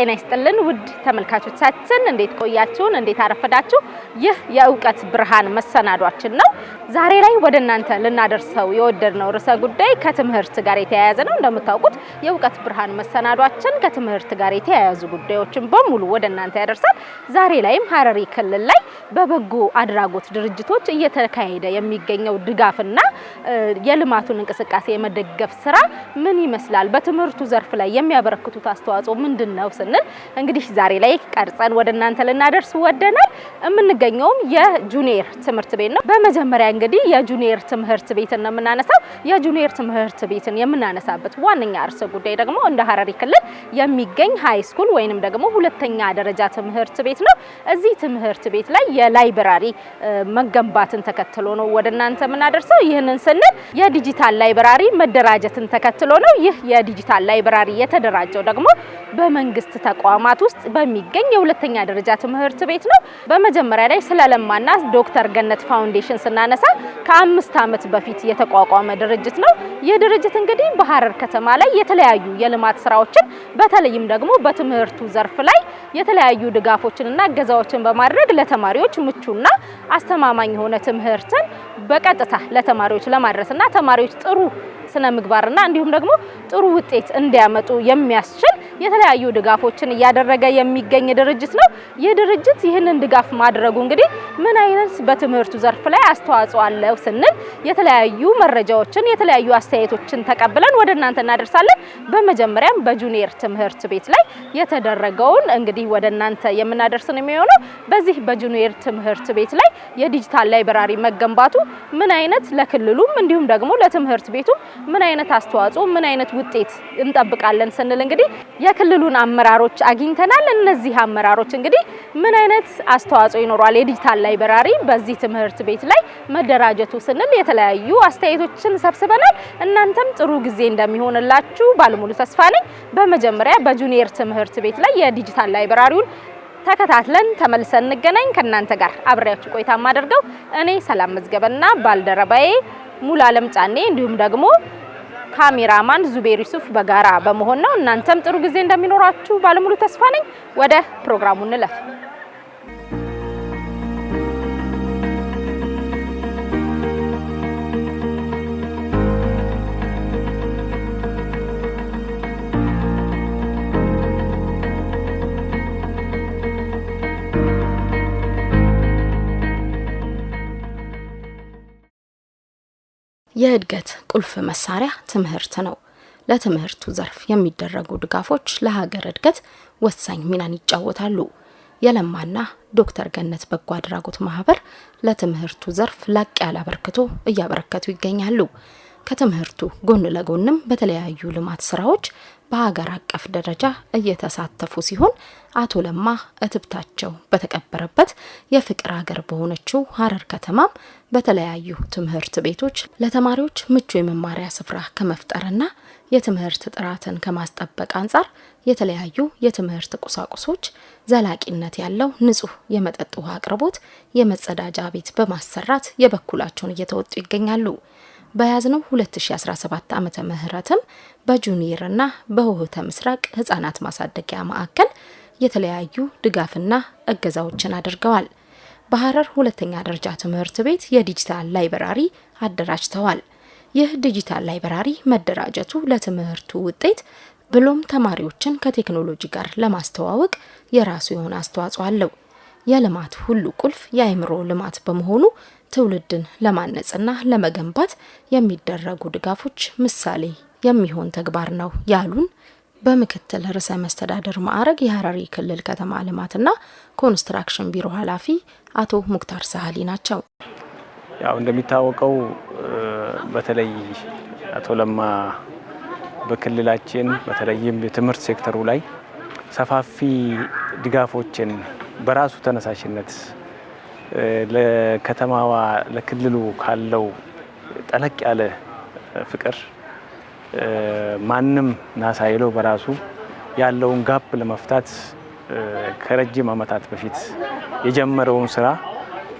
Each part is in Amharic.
ጤና ይስጥልን ውድ ተመልካቾቻችን፣ እንዴት ቆያችሁን? እንዴት አረፈዳችሁ? ይህ የእውቀት ብርሃን መሰናዷችን ነው። ዛሬ ላይ ወደ እናንተ ልናደርሰው የወደድነው ርዕሰ ጉዳይ ከትምህርት ጋር የተያያዘ ነው። እንደምታውቁት የእውቀት ብርሃን መሰናዷችን ከትምህርት ጋር የተያያዙ ጉዳዮችን በሙሉ ወደ እናንተ ያደርሳል። ዛሬ ላይም ሀረሪ ክልል ላይ በበጎ አድራጎት ድርጅቶች እየተካሄደ የሚገኘው ድጋፍና የልማቱን እንቅስቃሴ የመደገፍ ስራ ምን ይመስላል፣ በትምህርቱ ዘርፍ ላይ የሚያበረክቱት አስተዋጽኦ ምንድን ነው እንችላለን። እንግዲህ ዛሬ ላይ ቀርጸን ወደ እናንተ ልናደርስ ወደናል። የምንገኘውም የጁኒየር ትምህርት ቤት ነው። በመጀመሪያ እንግዲህ የጁኒየር ትምህርት ቤትን ነው የምናነሳው። የጁኒየር ትምህርት ቤትን የምናነሳበት ዋነኛ ርዕሰ ጉዳይ ደግሞ እንደ ሀረሪ ክልል የሚገኝ ሀይ ስኩል ወይንም ደግሞ ሁለተኛ ደረጃ ትምህርት ቤት ነው። እዚህ ትምህርት ቤት ላይ የላይብራሪ መገንባትን ተከትሎ ነው ወደ እናንተ የምናደርሰው። ይህንን ስንል የዲጂታል ላይብራሪ መደራጀትን ተከትሎ ነው። ይህ የዲጂታል ላይብራሪ የተደራጀው ደግሞ በመንግስት ተቋማት ውስጥ በሚገኝ የሁለተኛ ደረጃ ትምህርት ቤት ነው። በመጀመሪያ ላይ ስለለማና ዶክተር ገነት ፋውንዴሽን ስናነሳ ከአምስት ዓመት በፊት የተቋቋመ ድርጅት ነው። ይህ ድርጅት እንግዲህ በሀረር ከተማ ላይ የተለያዩ የልማት ስራዎችን በተለይም ደግሞ በትምህርቱ ዘርፍ ላይ የተለያዩ ድጋፎችንና እገዛዎችን በማድረግ ለተማሪዎች ምቹና አስተማማኝ የሆነ ትምህርትን በቀጥታ ለተማሪዎች ለማድረስና ተማሪዎች ጥሩ ስነ ምግባርና እንዲሁም ደግሞ ጥሩ ውጤት እንዲያመጡ የሚያስችል የተለያዩ ድጋፎችን እያደረገ የሚገኝ ድርጅት ነው። ይህ ድርጅት ይህንን ድጋፍ ማድረጉ እንግዲህ ምን አይነት በትምህርቱ ዘርፍ ላይ አስተዋጽኦ አለው ስንል የተለያዩ መረጃዎችን የተለያዩ አስተያየቶችን ተቀብለን ወደ እናንተ እናደርሳለን። በመጀመሪያም በጁኒየር ትምህርት ቤት ላይ የተደረገውን እንግዲህ ወደ እናንተ የምናደርስን የሚሆነው በዚህ በጁኒየር ትምህርት ቤት ላይ የዲጂታል ላይብራሪ መገንባቱ ምን አይነት ለክልሉም እንዲሁም ደግሞ ለትምህርት ቤቱም ምን አይነት አስተዋጽኦ፣ ምን አይነት ውጤት እንጠብቃለን ስንል እንግዲህ የክልሉን አመራሮች አግኝተናል። እነዚህ አመራሮች እንግዲህ ምን አይነት አስተዋጽኦ ይኖረዋል የዲጂታል ላይብራሪ በዚህ ትምህርት ቤት ላይ መደራጀቱ ስንል የተለያዩ አስተያየቶችን ሰብስበናል። እናንተም ጥሩ ጊዜ እንደሚሆንላችሁ ባለሙሉ ተስፋ ነኝ። በመጀመሪያ በጁኒየር ትምህርት ቤት ላይ የዲጂታል ላይብራሪውን ተከታትለን ተመልሰን እንገናኝ። ከእናንተ ጋር አብሬያችሁ ቆይታ የማደርገው እኔ ሰላም መዝገበና ባልደረባዬ ሙሉ አለም ጫኔ እንዲሁም ደግሞ ካሜራማን ዙቤር ዩሱፍ በጋራ በመሆን ነው። እናንተም ጥሩ ጊዜ እንደሚኖራችሁ ባለሙሉ ተስፋ ነኝ። ወደ ፕሮግራሙ እንለፍ። የእድገት ቁልፍ መሳሪያ ትምህርት ነው። ለትምህርቱ ዘርፍ የሚደረጉ ድጋፎች ለሀገር እድገት ወሳኝ ሚናን ይጫወታሉ። የለማና ዶክተር ገነት በጎ አድራጎት ማህበር ለትምህርቱ ዘርፍ ላቅ ያለ አበርክቶ እያበረከቱ ይገኛሉ። ከትምህርቱ ጎን ለጎንም በተለያዩ ልማት ስራዎች በሀገር አቀፍ ደረጃ እየተሳተፉ ሲሆን አቶ ለማ እትብታቸው በተቀበረበት የፍቅር ሀገር በሆነችው ሀረር ከተማም በተለያዩ ትምህርት ቤቶች ለተማሪዎች ምቹ የመማሪያ ስፍራ ከመፍጠርና የትምህርት ጥራትን ከማስጠበቅ አንጻር የተለያዩ የትምህርት ቁሳቁሶች፣ ዘላቂነት ያለው ንጹህ የመጠጥ ውሃ አቅርቦት፣ የመጸዳጃ ቤት በማሰራት የበኩላቸውን እየተወጡ ይገኛሉ። በያዝነው 2017 ዓመተ ምህረትም እና በውህተ ምስራቅ ህጻናት ማሳደጊያ ማዕከል የተለያዩ ድጋፍና እገዛዎችን አድርገዋል። በሐረር ሁለተኛ ደረጃ ትምህርት ቤት የዲጂታል ላይብራሪ አደራጅተዋል። ይህ ዲጂታል ላይብራሪ መደራጀቱ ለትምህርቱ ውጤት ብሎም ተማሪዎችን ከቴክኖሎጂ ጋር ለማስተዋወቅ የራሱ የሆነ አስተዋጽኦ አለው። የልማት ሁሉ ቁልፍ የአእምሮ ልማት በመሆኑ ትውልድን ለማነጽና ለመገንባት የሚደረጉ ድጋፎች ምሳሌ የሚሆን ተግባር ነው ያሉን በምክትል ርዕሰ መስተዳደር ማዕረግ የሀረሪ ክልል ከተማ ልማትና ኮንስትራክሽን ቢሮ ኃላፊ አቶ ሙክታር ሳህሊ ናቸው። ያው እንደሚታወቀው በተለይ አቶ ለማ በክልላችን በተለይም የትምህርት ሴክተሩ ላይ ሰፋፊ ድጋፎችን በራሱ ተነሳሽነት ለከተማዋ ለክልሉ ካለው ጠለቅ ያለ ፍቅር ማንም ናሳይለው በራሱ ያለውን ጋፕ ለመፍታት ከረጅም ዓመታት በፊት የጀመረውን ስራ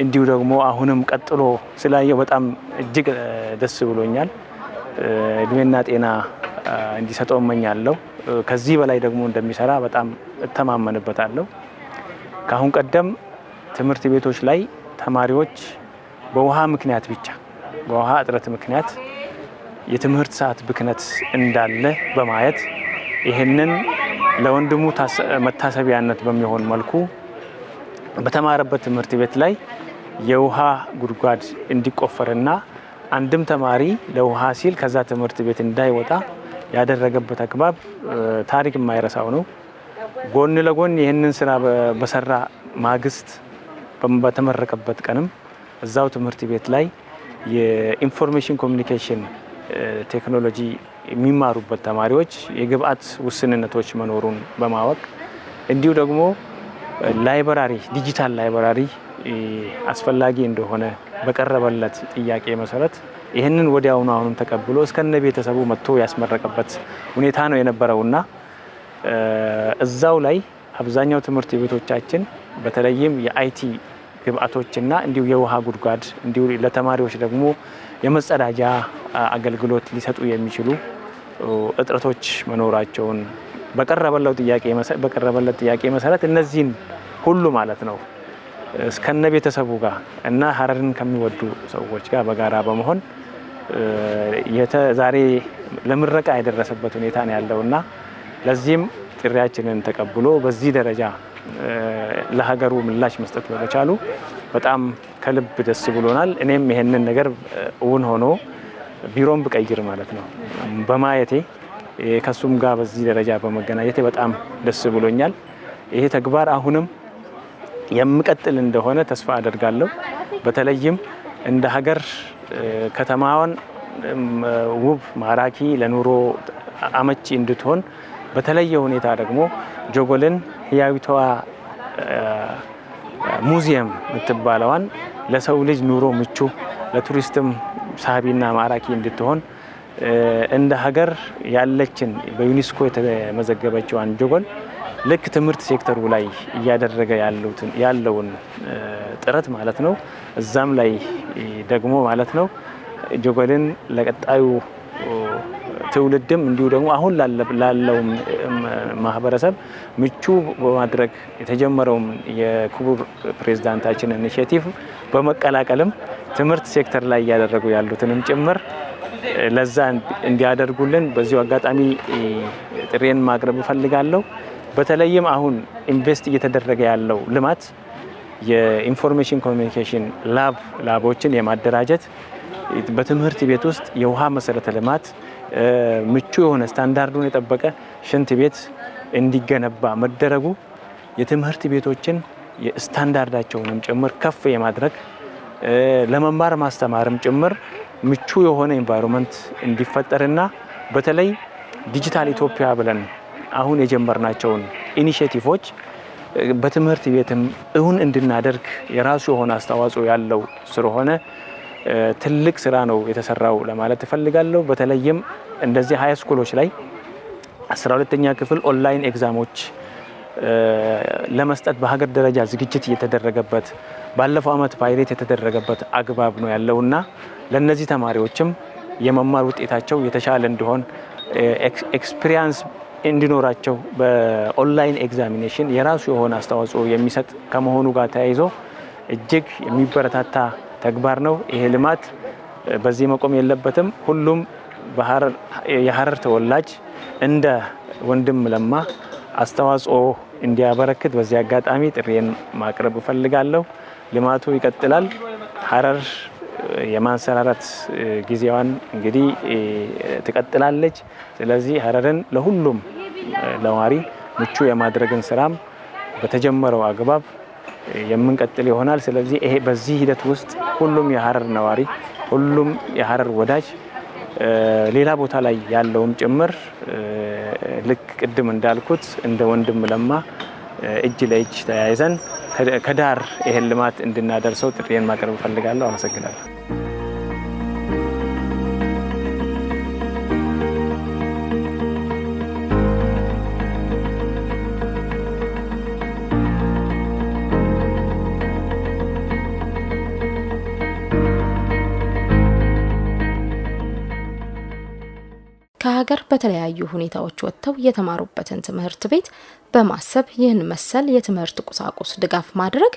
እንዲሁ ደግሞ አሁንም ቀጥሎ ስላየው በጣም እጅግ ደስ ብሎኛል። እድሜና ጤና እንዲሰጠው እመኛለሁ። ከዚህ በላይ ደግሞ እንደሚሰራ በጣም እተማመንበታለሁ። ከአሁን ቀደም ትምህርት ቤቶች ላይ ተማሪዎች በውሃ ምክንያት ብቻ በውሃ እጥረት ምክንያት የትምህርት ሰዓት ብክነት እንዳለ በማየት ይህንን ለወንድሙ መታሰቢያነት በሚሆን መልኩ በተማረበት ትምህርት ቤት ላይ የውሃ ጉድጓድ እንዲቆፈርና አንድም ተማሪ ለውሃ ሲል ከዛ ትምህርት ቤት እንዳይወጣ ያደረገበት አግባብ ታሪክ የማይረሳው ነው። ጎን ለጎን ይህንን ስራ በሰራ ማግስት በተመረቀበት ቀንም እዛው ትምህርት ቤት ላይ የኢንፎርሜሽን ኮሚኒኬሽን ቴክኖሎጂ የሚማሩበት ተማሪዎች የግብአት ውስንነቶች መኖሩን በማወቅ እንዲሁ ደግሞ ላይበራሪ ዲጂታል ላይበራሪ አስፈላጊ እንደሆነ በቀረበለት ጥያቄ መሰረት ይህንን ወዲያውኑ አሁንም ተቀብሎ እስከነ ቤተሰቡ መጥቶ ያስመረቀበት ሁኔታ ነው የነበረው እና እዛው ላይ አብዛኛው ትምህርት ቤቶቻችን በተለይም የአይቲ ግብአቶችና እንዲሁ የውሃ ጉድጓድ እንዲሁ ለተማሪዎች ደግሞ የመጸዳጃ አገልግሎት ሊሰጡ የሚችሉ እጥረቶች መኖራቸውን በቀረበለት ጥያቄ መሰረት እነዚህን ሁሉ ማለት ነው እስከነ ቤተሰቡ ጋር እና ሀረርን ከሚወዱ ሰዎች ጋር በጋራ በመሆን ዛሬ ለምረቃ የደረሰበት ሁኔታ ነው እና ለዚህም ጥሪያችንን ተቀብሎ በዚህ ደረጃ ለሀገሩ ምላሽ መስጠት በመቻሉ በጣም ከልብ ደስ ብሎናል። እኔም ይሄንን ነገር እውን ሆኖ ቢሮም ብቀይር ማለት ነው በማየቴ ከሱም ጋር በዚህ ደረጃ በመገናኘቴ በጣም ደስ ብሎኛል። ይሄ ተግባር አሁንም የሚቀጥል እንደሆነ ተስፋ አደርጋለሁ። በተለይም እንደ ሀገር ከተማዋን ውብ፣ ማራኪ ለኑሮ አመቺ እንድትሆን በተለየ ሁኔታ ደግሞ ጆጎልን ህያዊቷ ሙዚየም የምትባለዋን ለሰው ልጅ ኑሮ ምቹ ለቱሪስትም ሳቢና ማራኪ እንድትሆን እንደ ሀገር ያለችን በዩኒስኮ የተመዘገበችዋን ጆጎል ልክ ትምህርት ሴክተሩ ላይ እያደረገ ያለውን ጥረት ማለት ነው። እዛም ላይ ደግሞ ማለት ነው ጆጎልን ለቀጣዩ ትውልድም እንዲሁ ደግሞ አሁን ላለው ማህበረሰብ ምቹ በማድረግ የተጀመረውም የክቡር ፕሬዚዳንታችን ኢኒሽቲቭ በመቀላቀልም ትምህርት ሴክተር ላይ እያደረጉ ያሉትንም ጭምር ለዛ እንዲያደርጉልን በዚሁ አጋጣሚ ጥሬን ማቅረብ እፈልጋለሁ። በተለይም አሁን ኢንቨስት እየተደረገ ያለው ልማት የኢንፎርሜሽን ኮሚኒኬሽን ላብ ላቦችን የማደራጀት በትምህርት ቤት ውስጥ የውሃ መሰረተ ልማት ምቹ የሆነ ስታንዳርዱን የጠበቀ ሽንት ቤት እንዲገነባ መደረጉ የትምህርት ቤቶችን ስታንዳርዳቸውንም ጭምር ከፍ የማድረግ ለመማር ማስተማርም ጭምር ምቹ የሆነ ኤንቫይሮንመንት እንዲፈጠርና በተለይ ዲጂታል ኢትዮጵያ ብለን አሁን የጀመርናቸውን ኢኒሽቲቮች በትምህርት ቤትም እውን እንድናደርግ የራሱ የሆነ አስተዋጽኦ ያለው ስለሆነ ትልቅ ስራ ነው የተሰራው ለማለት እፈልጋለሁ። በተለይም እንደዚህ ሀይ ስኩሎች ላይ አስራ ሁለተኛ ክፍል ኦንላይን ኤግዛሞች ለመስጠት በሀገር ደረጃ ዝግጅት እየተደረገበት ባለፈው ዓመት ፓይሬት የተደረገበት አግባብ ነው እና ለእነዚህ ተማሪዎችም የመማር ውጤታቸው የተሻለ እንዲሆን ኤክስፒሪያንስ እንዲኖራቸው በኦንላይን ኤግዛሚኔሽን የራሱ የሆነ አስተዋጽኦ የሚሰጥ ከመሆኑ ጋር ተያይዞ እጅግ የሚበረታታ ተግባር ነው። ይሄ ልማት በዚህ መቆም የለበትም። ሁሉም የሀረር ተወላጅ እንደ ወንድም ለማ አስተዋጽኦ እንዲያበረክት በዚህ አጋጣሚ ጥሬን ማቅረብ እፈልጋለሁ። ልማቱ ይቀጥላል። ሀረር የማንሰራራት ጊዜዋን እንግዲህ ትቀጥላለች። ስለዚህ ሀረርን ለሁሉም ለዋሪ ምቹ የማድረግን ስራም በተጀመረው አግባብ የምንቀጥል ይሆናል። ስለዚህ ይሄ በዚህ ሂደት ውስጥ ሁሉም የሀረር ነዋሪ ሁሉም የሀረር ወዳጅ ሌላ ቦታ ላይ ያለውም ጭምር ልክ ቅድም እንዳልኩት እንደ ወንድም ለማ እጅ ለእጅ ተያይዘን ከዳር ይህን ልማት እንድናደርሰው ጥሪዬን ማቅረብ እፈልጋለሁ። አመሰግናለሁ። በተለያዩ ሁኔታዎች ወጥተው የተማሩበትን ትምህርት ቤት በማሰብ ይህን መሰል የትምህርት ቁሳቁስ ድጋፍ ማድረግ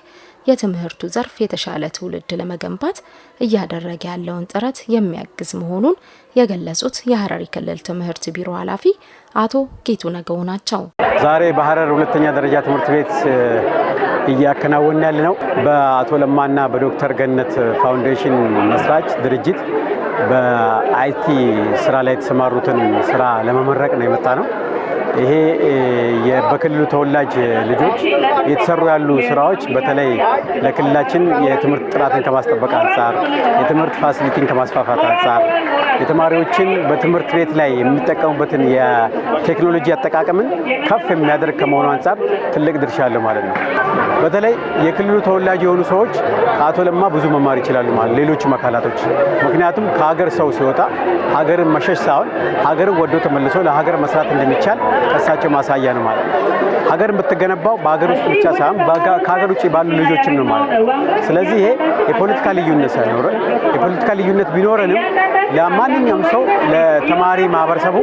የትምህርቱ ዘርፍ የተሻለ ትውልድ ለመገንባት እያደረገ ያለውን ጥረት የሚያግዝ መሆኑን የገለጹት የሀረሪ ክልል ትምህርት ቢሮ ኃላፊ አቶ ጌቱ ነገው ናቸው። ዛሬ በሀረር ሁለተኛ ደረጃ ትምህርት ቤት እያከናወን ያለ ነው በአቶ ለማና በዶክተር ገነት ፋውንዴሽን መስራች ድርጅት በአይቲ ስራ ላይ የተሰማሩትን ስራ ለመመረቅ ነው የመጣ ነው። ይሄ በክልሉ ተወላጅ ልጆች የተሰሩ ያሉ ስራዎች በተለይ ለክልላችን የትምህርት ጥራትን ከማስጠበቅ አንጻር፣ የትምህርት ፋሲሊቲን ከማስፋፋት አንጻር የተማሪዎችን በትምህርት ቤት ላይ የሚጠቀሙበትን የቴክኖሎጂ አጠቃቀምን ከፍ የሚያደርግ ከመሆኑ አንጻር ትልቅ ድርሻ አለው ማለት ነው። በተለይ የክልሉ ተወላጅ የሆኑ ሰዎች ከአቶ ለማ ብዙ መማር ይችላሉ ማለት ሌሎችም አካላቶች ምክንያቱም ከሀገር ሰው ሲወጣ ሀገርን መሸሽ ሳይሆን ሀገርን ወዶ ተመልሶ ለሀገር መስራት እንደሚቻል ከእሳቸው ማሳያ ነው ማለት ነው። ሀገር የምትገነባው በሀገር ውስጥ ብቻ ሳይሆን ከሀገር ውጭ ባሉ ልጆችም ነው ማለት ነው። ስለዚህ ይሄ የፖለቲካ ልዩነት ሳይኖር የፖለቲካ ልዩነት ቢኖረንም ለማንኛውም ሰው ለተማሪ ማህበረሰቡ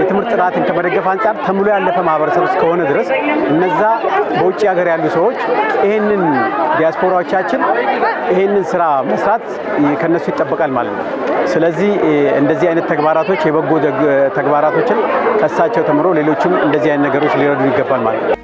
የትምህርት ጥራትን ከመደገፍ አንጻር ተምሎ ያለፈ ማህበረሰብ እስከሆነ ድረስ እነዛ በውጭ ሀገር ያሉ ሰዎች ይህንን ዲያስፖራዎቻችን ይህንን ስራ መስራት ከነሱ ይጠበቃል ማለት ነው። ስለዚህ እንደዚህ አይነት ተግባራቶች የበጎ ተግባራቶችን ከእሳቸው ተምሮ ሌሎቹ ሌሎችም እንደዚህ አይነት ነገሮች ሊረዱ ይገባል ማለት ነው።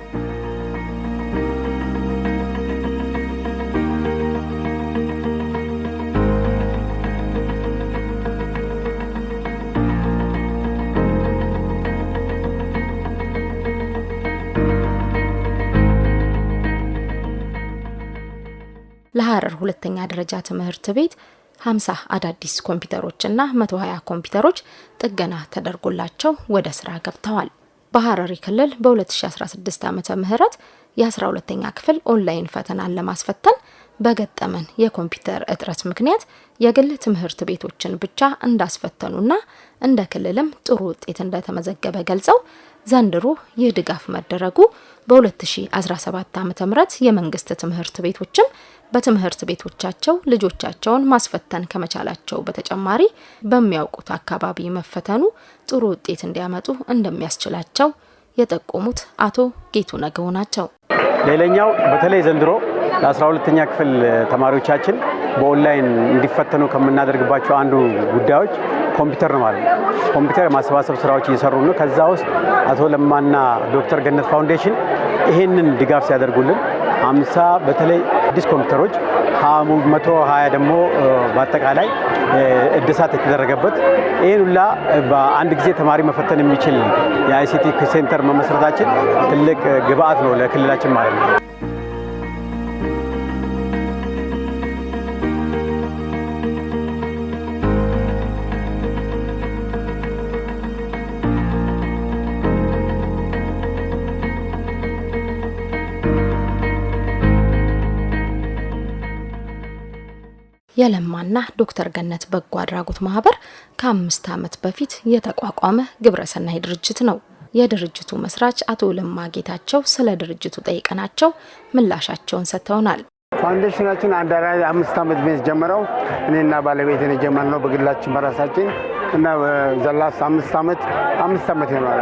ለሐረር ሁለተኛ ደረጃ ትምህርት ቤት 50 አዳዲስ ኮምፒውተሮችና 120 ኮምፒውተሮች ጥገና ተደርጎላቸው ወደ ስራ ገብተዋል። በሐረሪ ክልል በ2016 ዓመተ ምህረት የ12ኛ ክፍል ኦንላይን ፈተናን ለማስፈተን በገጠመን የኮምፒውተር እጥረት ምክንያት የግል ትምህርት ቤቶችን ብቻ እንዳስፈተኑና እንደ ክልልም ጥሩ ውጤት እንደተመዘገበ ገልጸው ዘንድሮ ይህ ድጋፍ መደረጉ በ2017 ዓ.ም የመንግስት ትምህርት ቤቶችም በትምህርት ቤቶቻቸው ልጆቻቸውን ማስፈተን ከመቻላቸው በተጨማሪ በሚያውቁት አካባቢ መፈተኑ ጥሩ ውጤት እንዲያመጡ እንደሚያስችላቸው የጠቆሙት አቶ ጌቱ ነገው ናቸው። ሌላኛው በተለይ ዘንድሮ ለ12ኛ ክፍል ተማሪዎቻችን በኦንላይን እንዲፈተኑ ከምናደርግባቸው አንዱ ጉዳዮች ኮምፒውተር ነው ማለት ነው። ኮምፒውተር የማሰባሰብ ስራዎች እየሰሩ ነው። ከዛ ውስጥ አቶ ለማና ዶክተር ገነት ፋውንዴሽን ይህንን ድጋፍ ሲያደርጉልን አምሳ በተለይ አዲስ ኮምፒውተሮች መቶ ሀያ ደግሞ በአጠቃላይ እድሳት የተደረገበት ይህን ሁላ በአንድ ጊዜ ተማሪ መፈተን የሚችል የአይሲቲ ሴንተር መመስረታችን ትልቅ ግብአት ነው ለክልላችን ማለት ነው። የለማና ዶክተር ገነት በጎ አድራጎት ማህበር ከአምስት ዓመት በፊት የተቋቋመ ግብረሰናይ ድርጅት ነው። የድርጅቱ መስራች አቶ ለማ ጌታቸው ስለ ድርጅቱ ጠይቀናቸው ምላሻቸውን ሰጥተውናል። ፋውንዴሽናችን አንድ አምስት ዓመት ቤት ጀምረው እኔና ባለቤቴን ነው በግላችን በራሳችን እና ዘላስ አምስት ዓመት አምስት ዓመት ይሆነዋል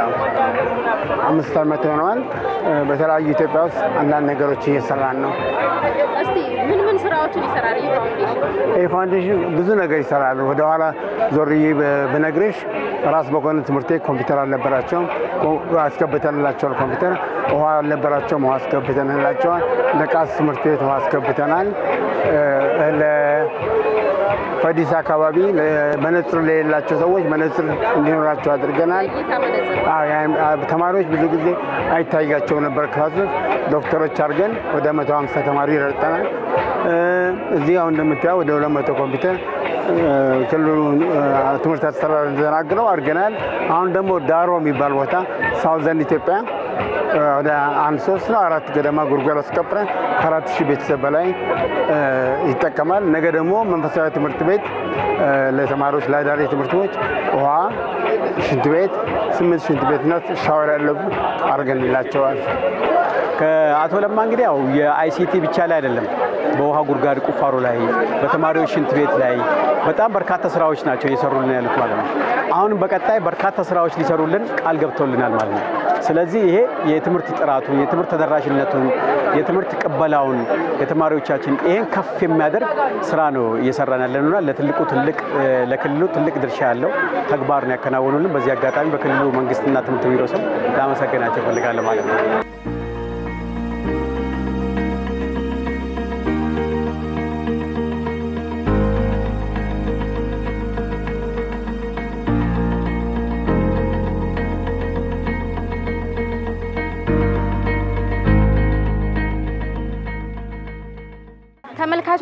አምስት ዓመት ይሆነዋል። በተለያዩ ኢትዮጵያ ውስጥ አንዳንድ ነገሮች እየሰራን ነው። ይህ ፋውንዴሽን ብዙ ነገር ይሰራሉ። ወደኋላ ዞርዬ ብነግርሽ ራስ በኮነ ትምህርት ኮምፒውተር አልነበራቸውም፣ አስገብተንላቸዋል ኮምፒውተር ውሃ አልነበራቸውም፣ ውሃ አስገብተን እህላቸዋል። ለቃስ ትምህርት ቤት ውሃ አስገብተናል። ፈዲስ አካባቢ መነጽር ለሌላቸው ሰዎች መነጽር እንዲኖራቸው አድርገናል። ተማሪዎች ብዙ ጊዜ አይታያቸው ነበር ክላስ ዶክተሮች አድርገን ወደ 150 ተማሪ ይረጠናል። እዚህ አሁን እንደምታየው ወደ 200 ኮምፒውተር ክልሉ ትምህርት አሰራር ተናግረው አድርገናል። አሁን ደግሞ ዳሮ የሚባል ቦታ ሳውዘን ኢትዮጵያ ወደ አንድ ሶስት ነው አራት ገደማ ጉድጓድ አስቀብረን ከአራት ሺህ ቤተሰብ በላይ ይጠቀማል። ነገ ደግሞ መንፈሳዊ ትምህርት ቤት ለተማሪዎች ለአዳሪ ትምህርት ቤቶች ውሃ፣ ሽንት ቤት ስምንት ሽንት ቤትና ሻወር ያለው አድርገንላቸዋል። ከአቶ ለማ እንግዲህ ያው የአይሲቲ ብቻ ላይ አይደለም፣ በውሃ ጉድጓድ ቁፋሮ ላይ፣ በተማሪዎች ሽንት ቤት ላይ በጣም በርካታ ስራዎች ናቸው እየሰሩልን ያሉት ማለት ነው። አሁንም በቀጣይ በርካታ ስራዎች ሊሰሩልን ቃል ገብተውልናል ማለት ነው። ስለዚህ ይሄ የትምህርት ጥራቱን፣ የትምህርት ተደራሽነቱን፣ የትምህርት ቅበላውን የተማሪዎቻችን ይሄን ከፍ የሚያደርግ ስራ ነው እየሰራን ያለንና ለትልቁ ትልቅ ለክልሉ ትልቅ ድርሻ ያለው ተግባር ነው ያከናወኑልን። በዚህ አጋጣሚ በክልሉ መንግስትና ትምህርት ቢሮ ስም ላመሰግናቸው እፈልጋለሁ ማለት ነው።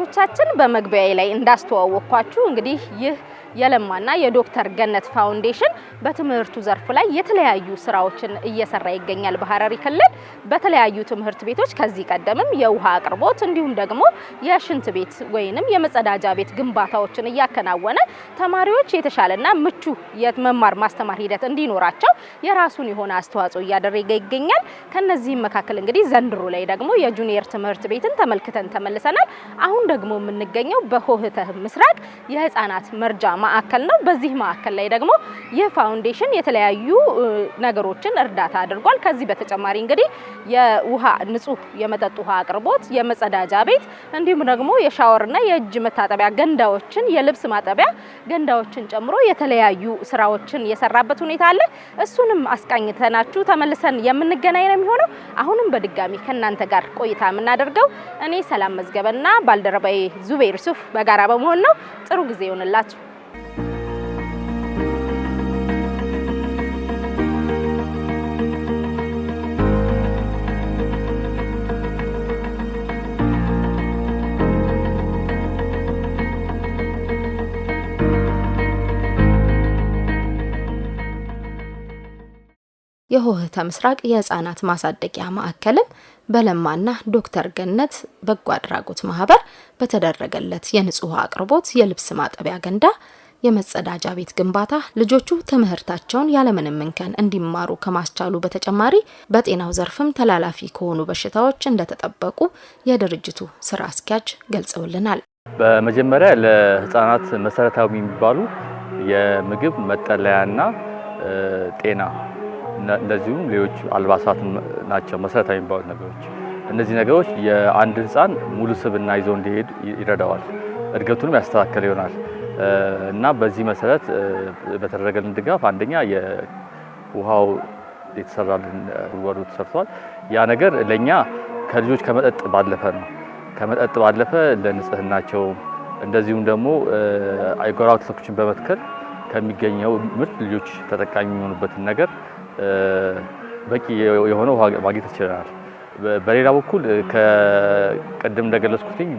ተመልካቾቻችን በመግቢያ ላይ እንዳስተዋወቅኳችሁ እንግዲህ ይህ የለማና የዶክተር ገነት ፋውንዴሽን በትምህርቱ ዘርፍ ላይ የተለያዩ ስራዎችን እየሰራ ይገኛል። በሀረሪ ክልል በተለያዩ ትምህርት ቤቶች ከዚህ ቀደምም የውሃ አቅርቦት እንዲሁም ደግሞ የሽንት ቤት ወይንም የመጸዳጃ ቤት ግንባታዎችን እያከናወነ ተማሪዎች የተሻለና ምቹ የመማር ማስተማር ሂደት እንዲኖራቸው የራሱን የሆነ አስተዋጽኦ እያደረገ ይገኛል። ከነዚህም መካከል እንግዲህ ዘንድሮ ላይ ደግሞ የጁኒየር ትምህርት ቤትን ተመልክተን ተመልሰናል። አሁን ደግሞ የምንገኘው በሆህተ ምስራቅ የህፃናት መርጃ ማዕከል ነው። በዚህ ማዕከል ላይ ደግሞ ይፋ ፋውንዴሽን የተለያዩ ነገሮችን እርዳታ አድርጓል። ከዚህ በተጨማሪ እንግዲህ የውሃ ንጹህ የመጠጥ ውሃ አቅርቦት፣ የመጸዳጃ ቤት እንዲሁም ደግሞ የሻወርና የእጅ መታጠቢያ ገንዳዎችን፣ የልብስ ማጠቢያ ገንዳዎችን ጨምሮ የተለያዩ ስራዎችን የሰራበት ሁኔታ አለ። እሱንም አስቃኝተናችሁ ተመልሰን የምንገናኝ ነው የሚሆነው። አሁንም በድጋሚ ከእናንተ ጋር ቆይታ የምናደርገው እኔ ሰላም መዝገበና ባልደረባዬ ዙቤር ሱፍ በጋራ በመሆን ነው። ጥሩ ጊዜ ይሆንላችሁ። የሆህተ ምስራቅ የህፃናት ማሳደጊያ ማዕከልም በለማና ዶክተር ገነት በጎ አድራጎት ማህበር በተደረገለት የንጹህ አቅርቦት የልብስ ማጠቢያ ገንዳ የመጸዳጃ ቤት ግንባታ ልጆቹ ትምህርታቸውን ያለምንም እንከን እንዲማሩ ከማስቻሉ በተጨማሪ በጤናው ዘርፍም ተላላፊ ከሆኑ በሽታዎች እንደተጠበቁ የድርጅቱ ስራ አስኪያጅ ገልጸውልናል። በመጀመሪያ ለህፃናት መሰረታዊ የሚባሉ የምግብ መጠለያና ጤና እንደዚሁም ሌሎች አልባሳት ናቸው መሰረታዊ የሚባሉት ነገሮች። እነዚህ ነገሮች የአንድ ህፃን ሙሉ ስብና ይዞ እንዲሄድ ይረዳዋል፣ እድገቱንም ያስተካከል ይሆናል እና በዚህ መሰረት በተደረገልን ድጋፍ አንደኛ የውሃው የተሰራልን ጉድጓዱ ተሰርቷል። ያ ነገር ለእኛ ከልጆች ከመጠጥ ባለፈ ነው። ከመጠጥ ባለፈ ለንጽህናቸው እንደዚሁም ደግሞ የጓሮ አትክልቶችን በመትከል ከሚገኘው ምርት ልጆች ተጠቃሚ የሚሆኑበትን ነገር በቂ የሆነ ውሃ ማግኘት ችለናል። በሌላ በኩል ቅድም እንደገለጽኩትኝ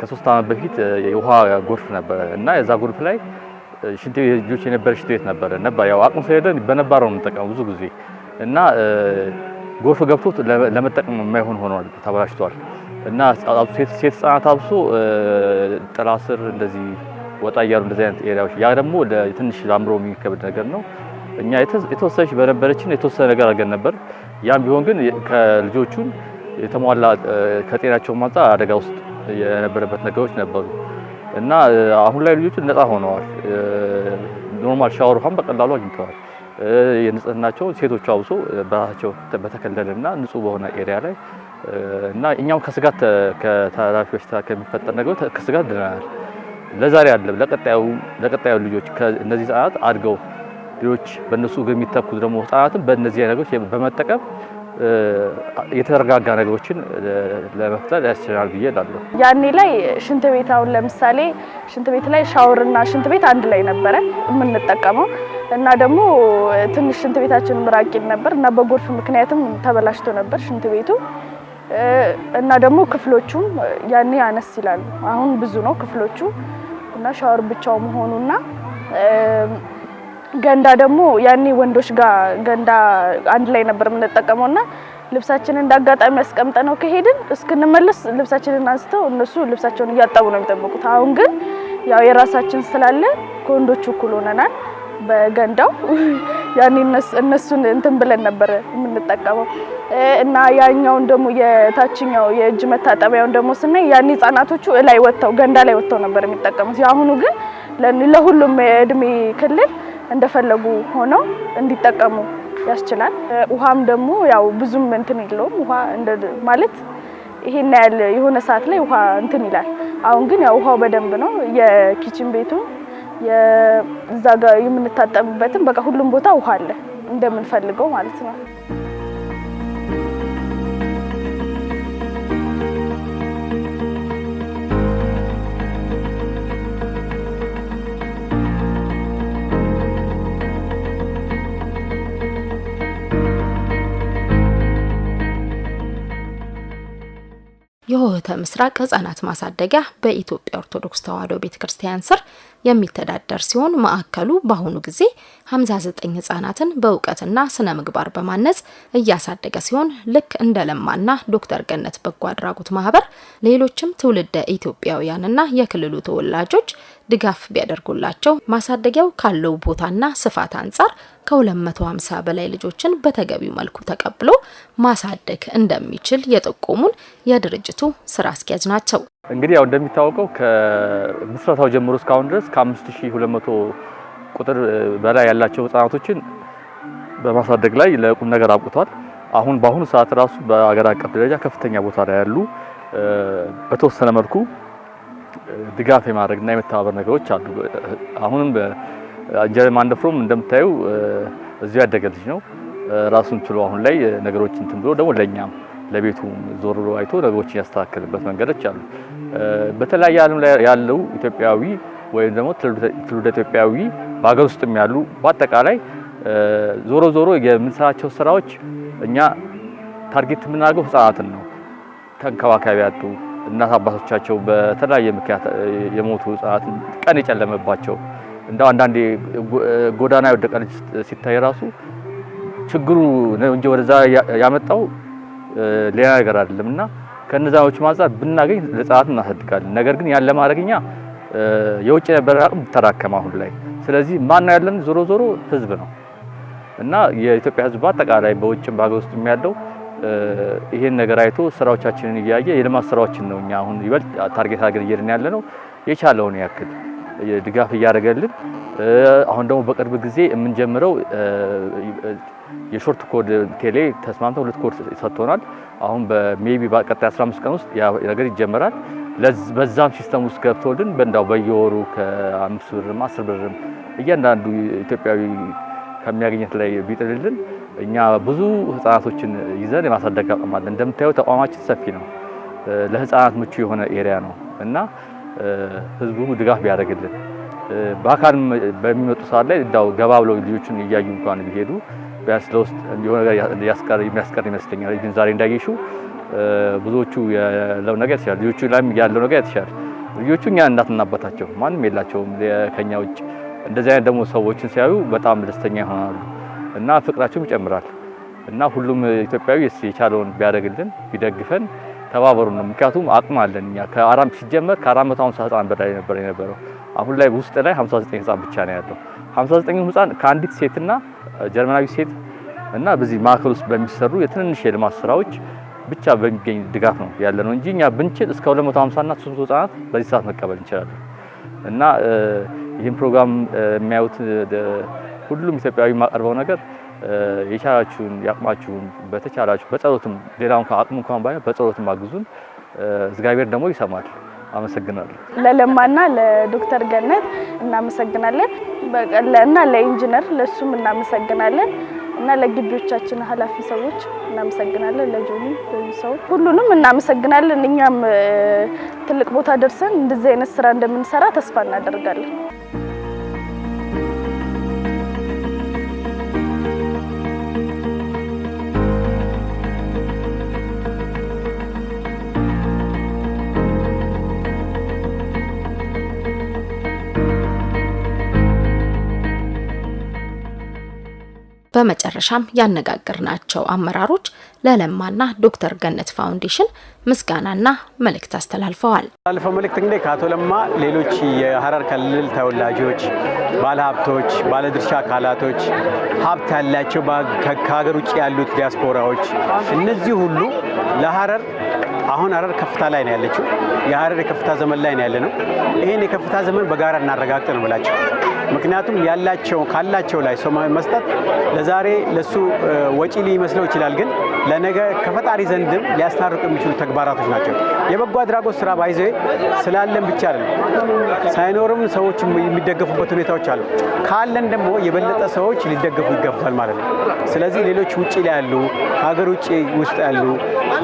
ከሶስት ዓመት በፊት የውሃ ጎርፍ ነበረ እና የዛ ጎርፍ ላይ ሽንት ልጆች የነበረ ሽንት ቤት ነበረ ነበር ያው አቅም ስለሌለን በነባር ነው የምንጠቀመው ብዙ ጊዜ እና ጎርፍ ገብቶት ለመጠቀም የማይሆን ሆኗል፣ ተበላሽቷል እና ሴት ህጻናት አብሶ ጥላ ስር እንደዚህ ወጣ እያሉ እንደዚህ አይነት ኤሪያዎች ያ ደግሞ ትንሽ ለአእምሮ የሚከብድ ነገር ነው። እኛ የተወሰነች በነበረችን የተወሰነ ነገር አድርገን ነበር። ያም ቢሆን ግን ከልጆቹን የተሟላ ከጤናቸው አንጻር አደጋ ውስጥ የነበረበት ነገሮች ነበሩ እና አሁን ላይ ልጆቹ ነፃ ሆነዋል። ኖርማል ሻወር ውሃም በቀላሉ አግኝተዋል። የንጽህናቸው ሴቶቹ አብሶ በራሳቸው እና ንጹህ በሆነ ኤሪያ ላይ እና እኛም ከስጋት ከተላላፊ በሽታ ከሚፈጠር ነገር ከስጋት ድናል። ለዛሬ አለም ለቀጣዩ ልጆች እነዚህ ህጻናት አድገው ሌሎች በእነሱ እግር የሚተኩት ደግሞ ህጻናትን በእነዚህ ነገሮች በመጠቀም የተረጋጋ ነገሮችን ለመፍጠር ያስችላል ብዬ እላለሁ። ያኔ ላይ ሽንት ቤት አሁን ለምሳሌ ሽንት ቤት ላይ ሻወርና ሽንት ቤት አንድ ላይ ነበረ የምንጠቀመው እና ደግሞ ትንሽ ሽንት ቤታችን ራቂን ነበር እና በጎርፍ ምክንያትም ተበላሽቶ ነበር ሽንት ቤቱ እና ደግሞ ክፍሎቹም ያኔ አነስ ይላሉ። አሁን ብዙ ነው ክፍሎቹ እና ሻወር ብቻው መሆኑና ገንዳ ደግሞ ያኔ ወንዶች ጋር ገንዳ አንድ ላይ ነበር የምንጠቀመው እና ልብሳችንን እንዳጋጣሚ ነው ከሄድን እስክንመለስ ልብሳችንን አንስተው እነሱ ልብሳቸውን እያጠቡ ነው የሚጠብቁት። አሁን ግን ያው የራሳችን ስላለ ከወንዶቹ እኩል ሆነናል። በገንዳው ያኔ እነሱን እንትን ብለን ነበር የምንጠቀመው እና ያኛውን ደግሞ የታችኛው የእጅ መታጠቢያውን ደግሞ ስናይ ያኔ ህጻናቶቹ ላይ ወጥተው ገንዳ ላይ ወጥተው ነበር የሚጠቀሙት። የአሁኑ ግን ለሁሉም የእድሜ ክልል እንደፈለጉ ሆነው እንዲጠቀሙ ያስችላል። ውሃም ደግሞ ያው ብዙም እንትን የለውም ውሃ ማለት ይሄን ያህል የሆነ ሰዓት ላይ ውሃ እንትን ይላል። አሁን ግን ያው ውሃው በደንብ ነው። የኪችን ቤቱ እዛ ጋር በቃ ሁሉም ቦታ ውሃ አለ እንደምንፈልገው ማለት ነው። ውህተ ምስራቅ ህጻናት ማሳደጊያ በኢትዮጵያ ኦርቶዶክስ ተዋሕዶ ቤተ ክርስቲያን ስር የሚተዳደር ሲሆን ማዕከሉ በአሁኑ ጊዜ 59 ህጻናትን በእውቀትና ስነ ምግባር በማነጽ እያሳደገ ሲሆን ልክ እንደ ለማና ዶክተር ገነት በጎ አድራጎት ማህበር ሌሎችም ትውልደ ኢትዮጵያውያንና የክልሉ ተወላጆች ድጋፍ ቢያደርጉላቸው ማሳደጊያው ካለው ቦታና ስፋት አንጻር ከ250 በላይ ልጆችን በተገቢው መልኩ ተቀብሎ ማሳደግ እንደሚችል የጠቆሙን የድርጅቱ ስራ አስኪያጅ ናቸው። እንግዲህ ያው እንደሚታወቀው ከምስረታው ጀምሮ እስካሁን ድረስ ከ5200 ቁጥር በላይ ያላቸው ህጻናቶችን በማሳደግ ላይ ለቁም ነገር አብቅቷል። አሁን በአሁኑ ሰዓት ራሱ በአገር አቀፍ ደረጃ ከፍተኛ ቦታ ላይ ያሉ በተወሰነ መልኩ ድጋፍ የማድረግ እና የመተባበር ነገሮች አሉ። አሁንም እንጀራ ማንደፍሮም እንደምታዩ እዚሁ ያደገ ልጅ ነው። ራሱን ችሎ አሁን ላይ ነገሮችን እንትን ብሎ ደግሞ ለእኛም ለቤቱ ዞር ብሎ አይቶ ነገሮችን ያስተካከልበት መንገዶች አሉ። በተለያየ ዓለም ላይ ያለው ኢትዮጵያዊ ወይም ደግሞ ትውልደ ኢትዮጵያዊ በሀገር ውስጥም ያሉ በአጠቃላይ ዞሮ ዞሮ የምንሰራቸው ስራዎች እኛ ታርጌት የምናደርገው ህፃናትን ነው። ተንከባካቢ ያጡ እናት አባቶቻቸው በተለያየ ምክንያት የሞቱ ህፃናትን ቀን የጨለመባቸው እንደው አንዳንዴ ጎዳና የወደቀ ልጅ ሲታይ ራሱ ችግሩ ነው እንጂ ወደዛ ያመጣው ሌላ ነገር አይደለም። እና ከነዛዎች ማንጻር ብናገኝ ለጻፋት እናሳድጋለን። ነገር ግን ያን ለማድረግ የውጭ የነበረ አቅም ተዳከመ አሁን ላይ። ስለዚህ ማን ነው ያለን? ዞሮ ዞሮ ህዝብ ነው እና የኢትዮጵያ ህዝብ በአጠቃላይ በውጭም በሀገር ውስጥ ያለው ይሄን ነገር አይቶ ስራዎቻችንን እያየ የልማት ስራዎችን ነው እኛ አሁን ይበልጥ ታርጌት አድርገን እየሄድን ያለ ነው የቻለውን ያክል ድጋፍ እያደረገልን አሁን ደግሞ በቅርብ ጊዜ የምንጀምረው የሾርት ኮድ ቴሌ ተስማምተ ሁለት ኮድ ሰጥቶናል። አሁን በሜቢ በቀጣይ 15 ቀን ውስጥ ያ ነገር ይጀምራል። በዛም ሲስተም ውስጥ ገብቶልን በእንዳው በየወሩ ከአምስት ብርም አስር ብርም እያንዳንዱ ኢትዮጵያዊ ከሚያገኘት ላይ ቢጥልልን እኛ ብዙ ህፃናቶችን ይዘን የማሳደግ አቅም አለን። እንደምታየው ተቋማችን ሰፊ ነው። ለህፃናት ምቹ የሆነ ኤሪያ ነው እና ህዝቡ ድጋፍ ቢያደርግልን በአካል በሚመጡ ሰዓት ላይ እንዳው ገባ ብለው ልጆችን እያዩ እንኳን ቢሄዱ ቢያንስ ለውስጥ የሆነ ነገር የሚያስቀር ይመስለኛል። ግን ዛሬ እንዳየሽው ብዙዎቹ ያለው ነገር የተሻለ ልጆቹ ላይም ያለው ነገር የተሻለ ልጆቹ እኛ እናትና አባታቸው ማንም የላቸውም ከኛ ውጭ። እንደዚህ አይነት ደግሞ ሰዎችን ሲያዩ በጣም ደስተኛ ይሆናሉ እና ፍቅራቸውም ይጨምራል እና ሁሉም ኢትዮጵያዊ የቻለውን ቢያደርግልን ቢደግፈን ተባበሩ ነው። ምክንያቱም አቅም አለን እኛ ከአራት ሲጀመር ከ450 ህፃን በላይ ነበር የነበረው። አሁን ላይ ውስጥ ላይ 59 ህፃን ብቻ ነው ያለው። 59 ህፃን ከአንዲት ሴትና ጀርመናዊ ሴት እና በዚህ ማዕከል ውስጥ በሚሰሩ የትንንሽ የልማት ስራዎች ብቻ በሚገኝ ድጋፍ ነው ያለ ነው እንጂ እኛ ብንችል እስከ 250 እና 300 ህፃናት በዚህ ሰዓት መቀበል እንችላለን። እና ይህን ፕሮግራም የሚያዩት ሁሉም ኢትዮጵያዊ የማቀርበው ነገር የቻላችሁን ያቅማችሁን በተቻላችሁ በጸሎትም ሌላ እንኳን አቅሙ እንኳን ባይ በጸሎትም አግዙን። እግዚአብሔር ደግሞ ይሰማል። አመሰግናለሁ። ለለማና ለዶክተር ገነት እናመሰግናለን እና ለኢንጂነር ለሱም እናመሰግናለን እና ለግቢዎቻችን ኃላፊ ሰዎች እናመሰግናለን። ለጆኒ ሰው ሁሉንም እናመሰግናለን። እኛም ትልቅ ቦታ ደርሰን እንደዚህ አይነት ስራ እንደምንሰራ ተስፋ እናደርጋለን። በመጨረሻም ያነጋገርናቸው አመራሮች ለለማና ዶክተር ገነት ፋውንዴሽን ምስጋናና መልእክት አስተላልፈዋል። ላልፈው መልእክት እንግዲህ ከአቶ ለማ ሌሎች የሀረር ክልል ተወላጆች፣ ባለሀብቶች፣ ባለድርሻ አካላቶች፣ ሀብት ያላቸው ከሀገር ውጭ ያሉት ዲያስፖራዎች እነዚህ ሁሉ ለሀረር አሁን ሀረር ከፍታ ላይ ነው ያለችው። የሀረር የከፍታ ዘመን ላይ ነው ያለ ነው። ይህን የከፍታ ዘመን በጋራ እናረጋግጥ ነው ብላቸው ምክንያቱም ያላቸው ካላቸው ላይ ሰው መስጠት ለዛሬ ለሱ ወጪ ሊመስለው ይችላል፣ ግን ለነገ ከፈጣሪ ዘንድም ሊያስታርቁ የሚችሉ ተግባራቶች ናቸው። የበጎ አድራጎት ስራ ባይዘ ስላለን ብቻ አይደለም፣ ሳይኖርም ሰዎች የሚደገፉበት ሁኔታዎች አሉ። ካለን ደግሞ የበለጠ ሰዎች ሊደገፉ ይገባል ማለት ነው። ስለዚህ ሌሎች ውጭ ላይ ያሉ ሀገር ውጭ ውስጥ ያሉ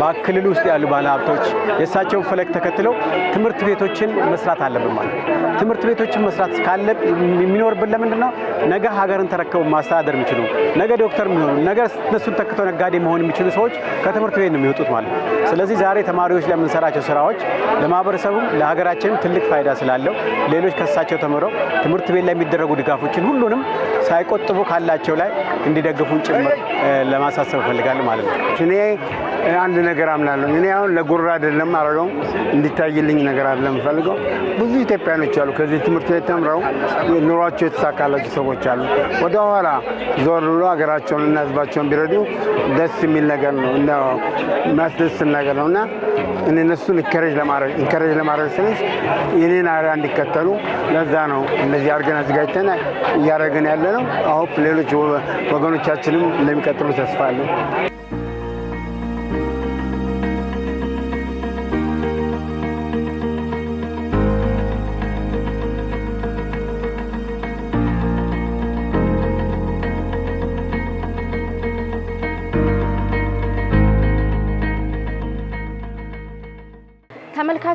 በክልል ውስጥ ያሉ ባለ ባለሀብቶች የእሳቸውን ፈለግ ተከትለው ትምህርት ቤቶችን መስራት አለብን ማለት ትምህርት ቤቶችን መስራት ካለ የሚኖርብን ለምንድን ነው? ነገ ሀገርን ተረከቡ ማስተዳደር የሚችሉ ነገ ዶክተር የሚሆኑ ነገ እነሱን ተክተው ነጋዴ መሆን የሚችሉ ሰዎች ከትምህርት ቤት ነው የሚወጡት ማለት ነው። ስለዚህ ዛሬ ተማሪዎች ለምንሰራቸው ስራዎች ለማህበረሰቡም ለሀገራችንም ትልቅ ፋይዳ ስላለው ሌሎች ከእሳቸው ተምረው ትምህርት ቤት ላይ የሚደረጉ ድጋፎችን ሁሉንም ሳይቆጥቡ ካላቸው ላይ እንዲደግፉን ጭምር ለማሳሰብ እፈልጋለሁ ማለት ነው። እኔ አንድ ነገር አምናለሁ። እኔ አሁን ጉር አይደለም አረገው እንዲታይልኝ ነገር አለ የምፈልገው። ብዙ ኢትዮጵያኖች አሉ ከዚህ ትምህርት ቤት ተምረው ኑሯቸው የተሳካላቸው ሰዎች አሉ። ወደ ኋላ ዞር ብሎ ሀገራቸውን እና ህዝባቸውን ቢረዱ ደስ የሚል ነገር ነው፣ የሚያስደስት ነገር ነው እና እነሱን ኢንከሬጅ ለማድረግ ኢንከሬጅ ለማድረግ ስንስ የኔን አሪያ እንዲከተሉ ለዛ ነው እንደዚህ አድርገን አዘጋጅተን እያደረግን ያለ ነው። አሁን ሌሎች ወገኖቻችንም እንደሚቀጥሉ ተስፋ አለን።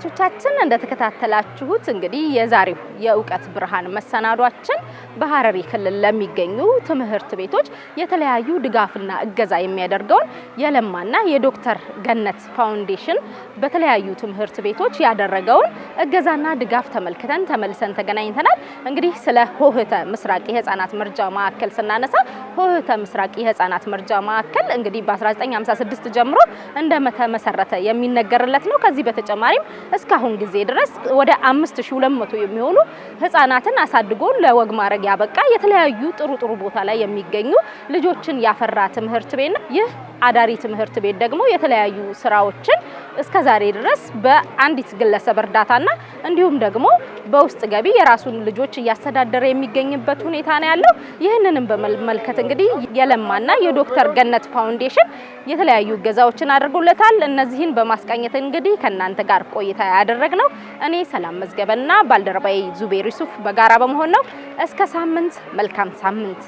ተመልካቾቻችን እንደተከታተላችሁት እንግዲህ የዛሬው የእውቀት ብርሃን መሰናዷችን በሀረሪ ክልል ለሚገኙ ትምህርት ቤቶች የተለያዩ ድጋፍና እገዛ የሚያደርገውን የለማና የዶክተር ገነት ፋውንዴሽን በተለያዩ ትምህርት ቤቶች ያደረገውን እገዛና ድጋፍ ተመልክተን ተመልሰን ተገናኝተናል። እንግዲህ ስለ ሆህተ ምስራቅ የህፃናት መርጃ ማዕከል ስናነሳ ሆህተ ምስራቅ የህፃናት መርጃ ማዕከል እንግዲህ በ1956 ጀምሮ እንደተመሰረተ የሚነገርለት ነው። ከዚህ በተጨማሪም እስካሁን ጊዜ ድረስ ወደ 5200 የሚሆኑ ህፃናትን አሳድጎ ለወግ ማዕረግ ያበቃ የተለያዩ ጥሩ ጥሩ ቦታ ላይ የሚገኙ ልጆችን ያፈራ ትምህርት ቤት ነው ይህ አዳሪ ትምህርት ቤት ደግሞ የተለያዩ ስራዎችን እስከ ዛሬ ድረስ በአንዲት ግለሰብ እርዳታና እንዲሁም ደግሞ በውስጥ ገቢ የራሱን ልጆች እያስተዳደረ የሚገኝበት ሁኔታ ነው ያለው። ይህንንም በመመልከት እንግዲህ የለማና የዶክተር ገነት ፋውንዴሽን የተለያዩ እገዛዎችን አድርጎለታል። እነዚህን በማስቃኘት እንግዲህ ከእናንተ ጋር ቆይታ ያደረግ ነው እኔ ሰላም መዝገበና ባልደረባዬ ዙቤር ዩሱፍ በጋራ በመሆን ነው። እስከ ሳምንት መልካም ሳምንት